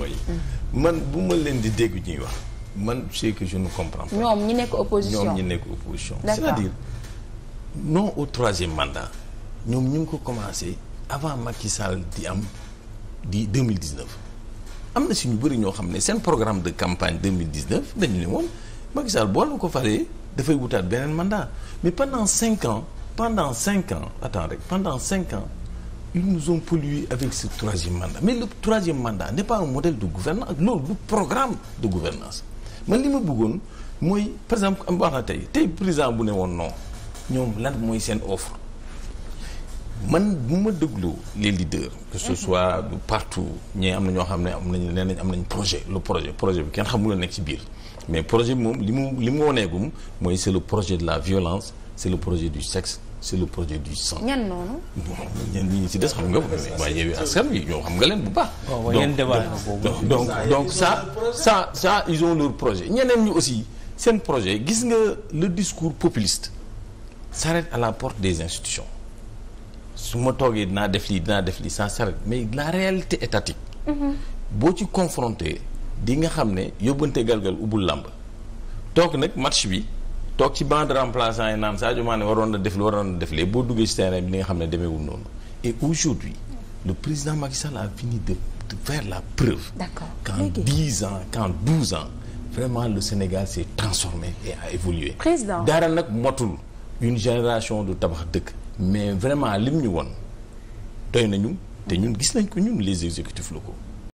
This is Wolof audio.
mooy. man bu ma leen di dégg ñuy wax man ce que je ne comprends pas. ñoom ñi nekk opposition ñoom ñi nekk opposition. c'est-à-dire non au troisième mandat ñoom ñu ngi ko commencé avant Macky Sall di am di 2019. am na si ñu bëri ñoo xam ne seen programme de campagne 2019 dañu ne woon Macky Sall boo la ko falee dafay wutaat beneen mandat mais pendant cinq ans pendant cinq ans attends rek pendant cinq ans. ils nous ont pollué avec ce troisième mandat mais le troisième mandat n'est pas un modèle de gouvernance loolu du programme de gouvernance man li ma bëggoon mooy par exemple am wax na tey tey président bu ne woon non ñoom lan mooy seen offre man bu ma dégloo les leaders que ce mhm. soit partout ñee am na ñoo xam ne am nañ nee nañ projet le projet projet bi kenn xamul la nekk ci biir mais projet bi moom li mu li mu woneegum mooy c'est le projet de la violence c'est le projet du sexe c'est le projet du sang. ñan noonu. ñan ñi si des xam nga waaye Yewwi Askan Wi ñoo xam nga leen bu baax. donc donc donc ça ça ça ils ont leur projet ñeneen ñu aussi seen projet gis nga le discours populiste s'arrête à la porte des institutions su ma toogee dinaa def lii dinaa def lii ça s'arrête mais la réalité étatique. Mhm. boo ci confronté di nga xam ne yóbbante galgal ubbul làmb toog nag match bi. toog ci banc de remplaçant yi naan Sadio Mané waroon na def li waroon na def li boo duggee ci terrain bi li nga xam ne demeewul noonu et aujourd'hui le président Macky Sall a fini de de faire la preuve qu'en dix ans qu'en douze ans vraiment le Sénégal s'est transformé et a évolué dara nag motul une génération du tabax dëkk mais vraiment lim ñu woon doy nañu te ñun gis nañ ko ñun les exécutifs ko